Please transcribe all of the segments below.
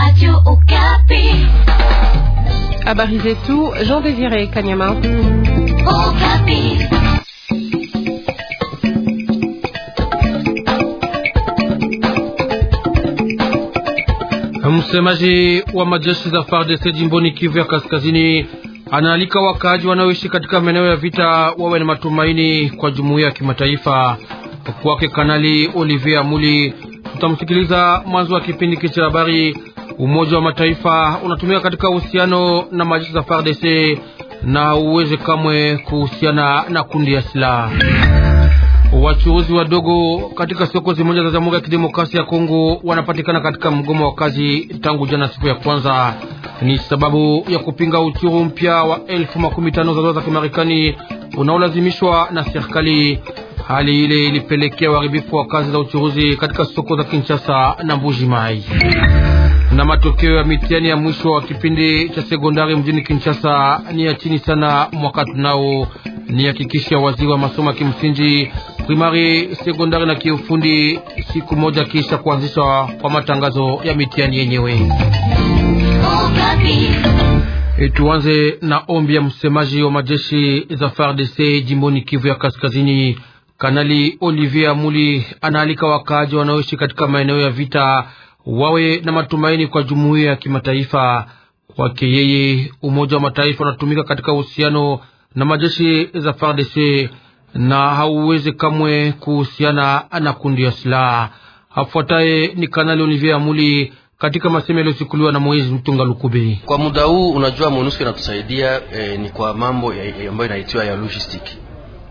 Radio Okapi. Habari zetu, Jean Désiré Kanyama. Okapi. Msemaji wa majeshi za FARDC jimboni Kivu ya Kaskazini anaalika wakaaji wanaoishi katika maeneo ya vita wawe na matumaini kwa jumuiya ya kimataifa. Kwake Kanali Olivier Amuli, tutamsikiliza mwanzo wa kipindi cha habari Umoja wa Mataifa unatumika katika uhusiano na majeshi za FARDC na uweze kamwe kuhusiana na kundi ya silaha. Wachuuzi wadogo katika soko zimoja za Jamhuri ya Kidemokrasia ya Kongo wanapatikana katika mgomo wa kazi tangu jana, siku ya kwanza. Ni sababu ya kupinga uchuru mpya wa elfu makumi tano za dola za Kimarekani unaolazimishwa na serikali. Hali ile ilipelekea uharibifu wa kazi za uchuruzi katika soko za Kinshasa na Mbuji Mai na matokeo ya mitihani ya mwisho wa kipindi cha sekondari mjini Kinshasa ni ya chini sana mwaka tunao, ni hakikisha waziri wa masomo ya kimsingi, primari, sekondari na kiufundi, siku moja kisha kuanzishwa kwa matangazo ya mitihani yenyewe. E, tuanze na ombi ya msemaji wa majeshi za FARDC jimboni Kivu ya Kaskazini. Kanali Olivier Amuli anaalika wakaaji wanaoishi katika maeneo ya vita wawe na matumaini kwa jumuiya ya kimataifa. Kwake yeye, Umoja wa Mataifa unatumika katika uhusiano na majeshi za FARDC na hauwezi kamwe kuhusiana na kundi ya silaha. Afuataye ni Kanali Olivier Amuli katika masemo yaliyosikuliwa na Moise Mtunga Lukubi. Kwa muda huu, unajua MONUSCO inatusaidia eh, ni kwa mambo ambayo inaitiwa ya logistic.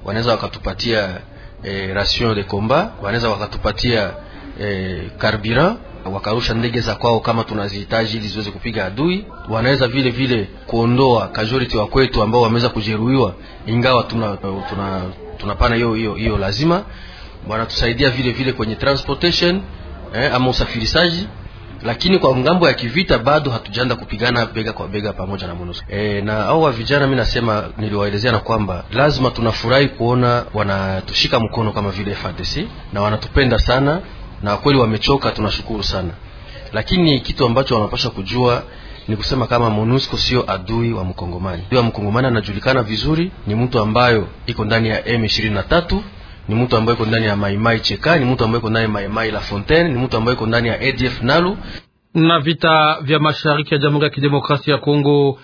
Wanaweza wakatupatia eh, ration de combat, wanaweza wakatupatia eh, carburant wakarusha ndege za kwao kama tunazihitaji ili ziweze kupiga adui. Wanaweza vile vile kuondoa casualty wa kwetu ambao wameweza kujeruhiwa, ingawa tuna tuna tunapana hiyo hiyo hiyo, lazima wanatusaidia vile vile kwenye transportation eh, ama usafirishaji lakini kwa ngambo ya kivita bado hatujaanza kupigana bega kwa bega pamoja na MONUSCO. E, na au wa vijana, mimi nasema niliwaelezea na kwamba lazima tunafurahi kuona wanatushika mkono kama vile FARDC na wanatupenda sana, na kweli wamechoka, tunashukuru sana, lakini kitu ambacho wanapasha kujua ni kusema kama MONUSCO sio adui wa mkongomani. Adui wa mkongomani anajulikana vizuri, ni mtu ambayo iko ndani ya M23 ni mtu ambaye iko ndani ya Maimai Cheka, ni mtu ambaye iko ndani ya Maimai La Fontaine, ni mtu ambaye iko ndani ya ADF Nalu. Na vita vya mashariki ya Jamhuri ya Kidemokrasia ya Kongo,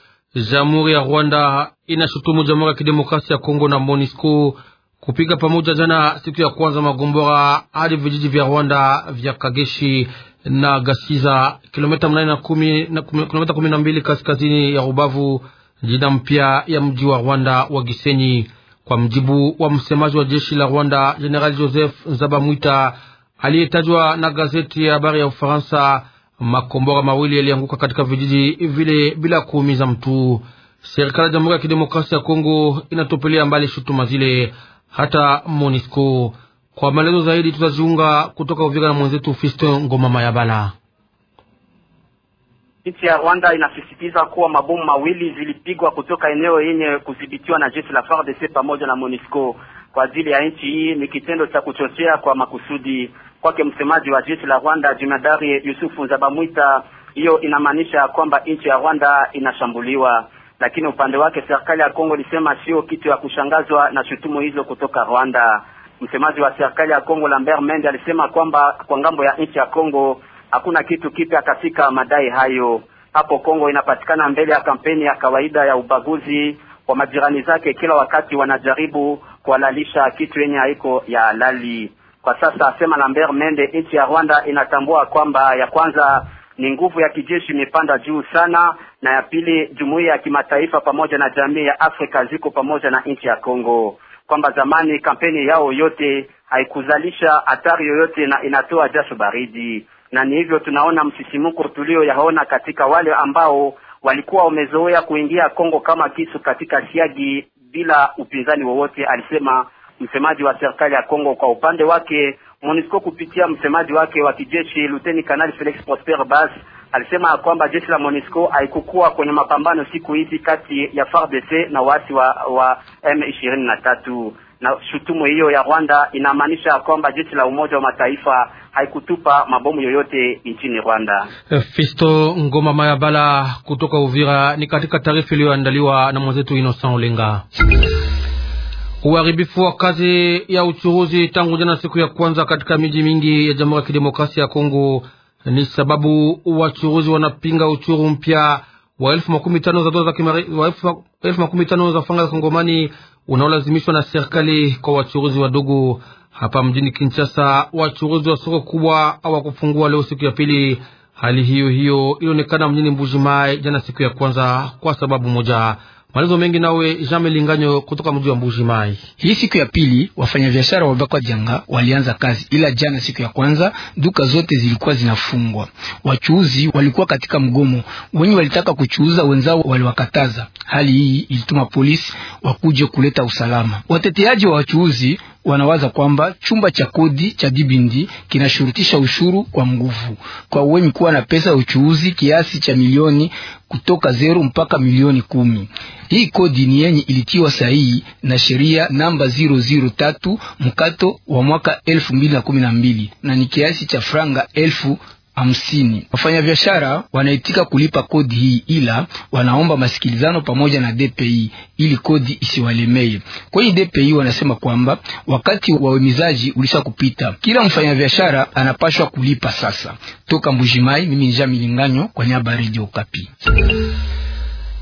Jamhuri ya Rwanda inashutumu Jamhuri ya Kidemokrasia ya Kongo na MONUSCO kupiga pamoja jana siku ya kwanza magombora hadi vijiji vya Rwanda vya Kageshi na Gasiza, kilomita mnane na kumi na kilomita kumi na mbili kaskazini ya Rubavu, jina mpya ya mji wa Rwanda wa Gisenyi. Kwa mjibu wa msemaji wa jeshi la Rwanda General Joseph Nzabamwita aliyetajwa na gazeti ya habari ya Ufaransa, makombora mawili yalianguka katika vijiji vile bila kuumiza mtu. Serikali ya Jamhuri ya Kidemokrasia ya Kongo inatopelea mbali shutuma zile hata Monisco. Kwa maelezo zaidi tutajiunga kutoka Uvira na mwenzetu Fisto Ngoma Mayabala. Nchi ya Rwanda inasisitiza kuwa mabomu mawili zilipigwa kutoka eneo yenye kudhibitiwa na jeshi la FARDC pamoja na Monisco kwa ajili ya nchi hii ni kitendo cha kuchochea kwa makusudi. Kwake msemaji wa jeshi la Rwanda Jemadari Yusufu Nzabamwita, hiyo inamaanisha kwamba nchi ya Rwanda inashambuliwa lakini upande wake serikali ya Kongo ilisema sio kitu ya kushangazwa na shutumu hizo kutoka Rwanda. Msemaji wa serikali ya Kongo Lambert Mende alisema kwamba kwa ngambo ya nchi ya Kongo hakuna kitu kipya katika madai hayo. Hapo Kongo inapatikana mbele ya kampeni ya kawaida ya ubaguzi wa majirani zake, kila wakati wanajaribu kuhalalisha kitu yenye haiko ya halali. Kwa sasa, asema Lambert Mende, nchi ya Rwanda inatambua kwamba ya kwanza ni nguvu ya kijeshi imepanda juu sana, na ya pili, jumuiya ya kimataifa pamoja na jamii ya Afrika ziko pamoja na nchi ya Kongo, kwamba zamani kampeni yao yote haikuzalisha hatari yoyote na inatoa jasho baridi, na ni hivyo tunaona msisimuko tulioyaona katika wale ambao walikuwa wamezoea kuingia Kongo kama kisu katika siagi bila upinzani wowote, alisema msemaji wa serikali ya Kongo. Kwa upande wake MONUSCO kupitia msemaji wake wa kijeshi Luteni Kanali Felix Prosper Bas alisema ya kwamba jeshi la MONUSCO haikukuwa kwenye mapambano siku hizi kati ya FARDC na waasi wa, wa M23 na shutumu hiyo ya Rwanda inamaanisha ya kwamba jeshi la Umoja wa Mataifa haikutupa mabomu yoyote nchini Rwanda. Eh, Fisto Ngoma Mayabala kutoka Uvira, ni katika taarifa iliyoandaliwa na mwenzetu Innocent Olenga. Uharibifu wa kazi ya uchuruzi tangu jana siku ya kwanza katika miji mingi ya Jamhuri ya Kidemokrasia ya Kongo ni sababu wachuruzi wanapinga uchuru mpya wa elfu makumi tano za dola elfu makumi tano za fanga za Kongomani unaolazimishwa na serikali kwa wachuruzi wadogo hapa mjini Kinshasa. Wachuruzi wa soko kubwa hawakufungua leo siku ya pili. Hali hiyo hiyo ilionekana mjini Mbujimai jana siku ya kwanza kwa sababu moja Malizo mengi nawe Jean Linganyo kutoka mji wa Mbuji Mai. Hii siku ya pili wafanyabiashara wa Bakwa Janga walianza kazi, ila jana siku ya kwanza duka zote zilikuwa zinafungwa. Wachuuzi walikuwa katika mgomo, wenye walitaka kuchuuza, wenzao waliwakataza. Hali hii ilituma polisi wakuje kuleta usalama. Wateteaji wa wachuuzi wanawaza kwamba chumba cha kodi cha Dibindi kinashurutisha ushuru kwa nguvu kwa wenye kuwa na pesa ya uchuuzi kiasi cha milioni kutoka zero mpaka milioni kumi. Hii kodi ni yenye ilitiwa sahihi na sheria namba 003 mkato wa mwaka 2012 na ni kiasi cha franga elfu hamsini. Wafanyabiashara wanaitika kulipa kodi hii, ila wanaomba masikilizano pamoja na DPI ili kodi isiwalemee. Kwenye DPI wanasema kwamba wakati wa uhimizaji ulisha kupita, kila mfanyabiashara anapashwa kulipa sasa. Toka Mbujimai, mimi ni Jami kwa niaba ya Radio Okapi.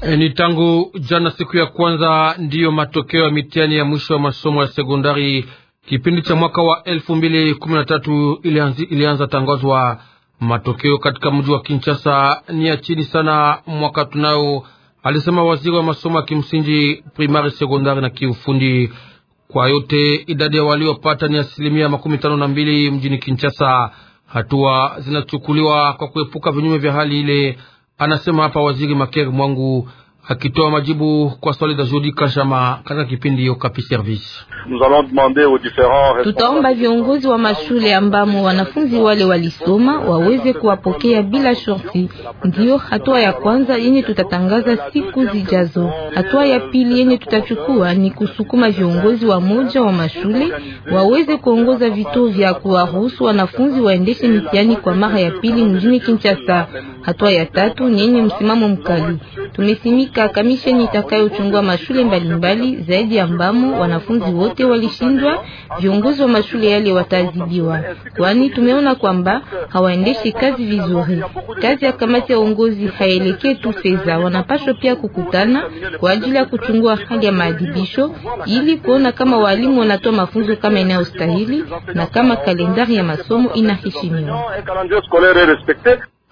E, ni tangu jana siku ya kwanza ndiyo matokeo ya mitihani ya mwisho wa masomo ya sekondari kipindi cha mwaka wa elfu mbili kumi na tatu ilianza tangazwa Matokeo katika mji wa Kinshasa ni ya chini sana mwaka tunao, alisema waziri wa masomo ya kimsingi primari, sekondari na kiufundi. Kwa yote idadi ya waliopata ni asilimia makumi tano na mbili mjini Kinshasa. Hatua zinachukuliwa kwa kuepuka vinyume vya hali ile, anasema hapa waziri Makeri Mwangu akitoa majibu kwa swali za Judi Kashama katika kipindi Kapi Service. Tutaomba viongozi wa mashule ambamo wanafunzi wale walisoma waweze kuwapokea bila shorti. Ndiyo hatua ya kwanza yenye tutatangaza siku zijazo. Hatua ya pili yenye tutachukua ni kusukuma viongozi wa moja wa mashule waweze kuongoza vituo vya kuwaruhusu wanafunzi waendeshe mitihani kwa mara ya pili mjini Kinshasa. Hatua ya tatu ni yenye msimamo mkali tumesimika katika kamisheni itakayochungua mashule mbalimbali zaidi ambamo wanafunzi wote walishindwa, viongozi wa mashule yale watazidiwa, kwani tumeona kwamba hawaendeshi kazi vizuri. Kazi ya kamati ya uongozi haielekee tu fedha, wanapaswa pia kukutana kwa ajili ya kuchungua hali ya maadhibisho ili kuona kama walimu wanatoa mafunzo kama inayostahili na kama kalendari ya masomo inaheshimiwa.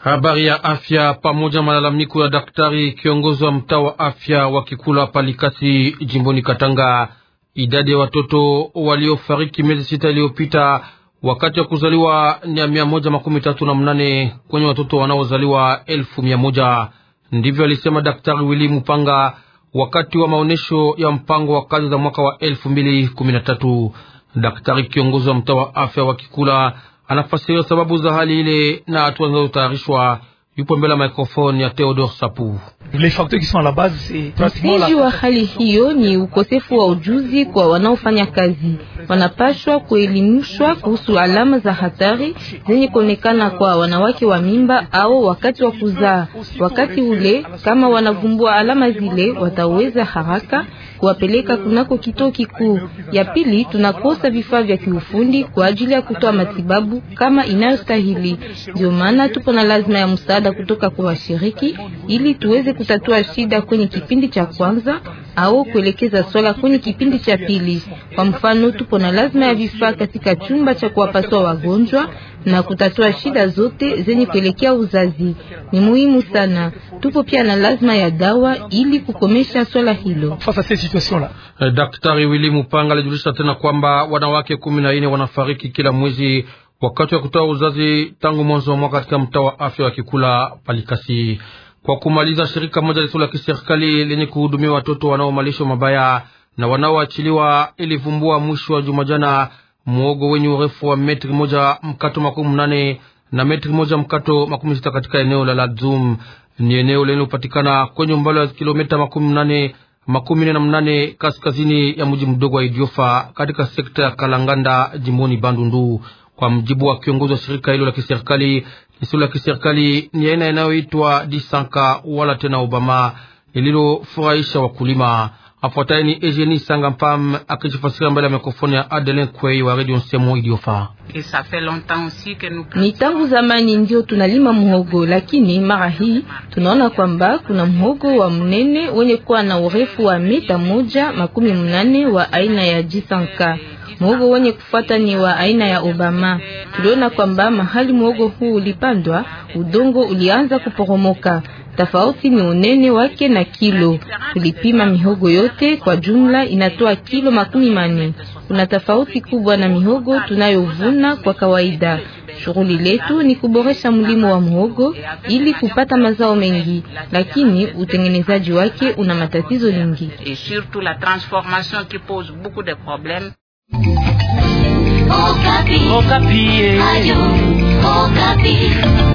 Habari ya afya pamoja malalamiko ya daktari kiongozi wa mtaa wa afya wa Kikula Palikasi jimboni Katanga. Idadi ya watoto waliofariki miezi sita iliyopita wakati wa kuzaliwa ni mia moja makumi tatu na mnane kwenye watoto wanaozaliwa elfu mia moja ndivyo alisema Daktari Willy Mupanga wakati wa maonyesho ya mpango wa kazi za mwaka wa elfu mbili kumi na tatu. Daktari kiongozi wa mtaa wa afya wa Kikula anafasiriwa sababu za hali ile na hatua zinazotayarishwa yupo mbele ya ya Theodore Sapu. Msingi wa hali hiyo ni ukosefu wa ujuzi kwa wanaofanya kazi. Wanapashwa kuelimishwa kuhusu alama za hatari zenye kuonekana kwa wanawake wa mimba au wakati wa kuzaa. Wakati ule, kama wanavumbua alama zile, wataweza haraka kuwapeleka kunako kituo kikuu. Ya pili, tunakosa vifaa vya kiufundi kwa ajili ya kutoa matibabu kama inayostahili. Ndio maana tupo na lazima ya msaada msaada kutoka kwa washiriki ili tuweze kutatua shida kwenye kipindi cha kwanza au kuelekeza swala kwenye kipindi cha pili. Kwa mfano, tupo na lazima ya vifaa katika chumba cha kuwapasua wagonjwa na kutatua shida zote zenye kuelekea uzazi ni muhimu sana. Tupo pia na lazima ya dawa ili kukomesha swala hilo. Eh, Daktari Willy Mupanga alijulisha tena kwamba wanawake kumi na nne wanafariki kila mwezi wakati wa kutoa uzazi tangu mwanzo wa mwaka katika mtaa wa afya wa Kikula Palikasi. Kwa kumaliza, shirika moja lisilo la kiserikali lenye kuhudumia watoto wanaomalisho mabaya na wanaoachiliwa ilivumbua mwisho wa juma jana mwogo wenye urefu wa metri moja mkato makumi mnane na metri moja mkato makumi sita katika eneo la Ladzum. Ni eneo linalopatikana kwenye umbali wa kilomita makumi mnane makumi nne na mnane kaskazini ya mji mdogo wa Idiofa katika sekta ya Kalanganda jimboni Bandundu. Kwa mjibu wa kiongozi wa shirika hilo la kiserikali, lisilo la kiserikali ni aina inayoitwa Disanka wala tena Obama, lililofurahisha wakulima. Afuataye ni sanga Sangampam akijifasiria mbele ya mikrofoni ya Adelin Kwei wa Radio Nsemo iliyofaa. Ni tangu zamani ndio tunalima muhogo, lakini mara hii tunaona kwamba kuna muhogo wa mnene wenye kuwa na urefu wa mita moja makumi mnane wa aina ya Jisanka. Muogo wenye kufuata ni wa aina ya Obama. Tuliona kwamba mahali muogo huu ulipandwa, udongo ulianza kuporomoka. Tofauti ni unene wake na kilo. Tulipima mihogo yote kwa jumla inatoa kilo makumi mane. Kuna tofauti kubwa na mihogo tunayovuna kwa kawaida. Shughuli letu ni kuboresha mlimo wa muhogo ili kupata mazao mengi, lakini utengenezaji wake una matatizo mengi. Okapi. Okapi.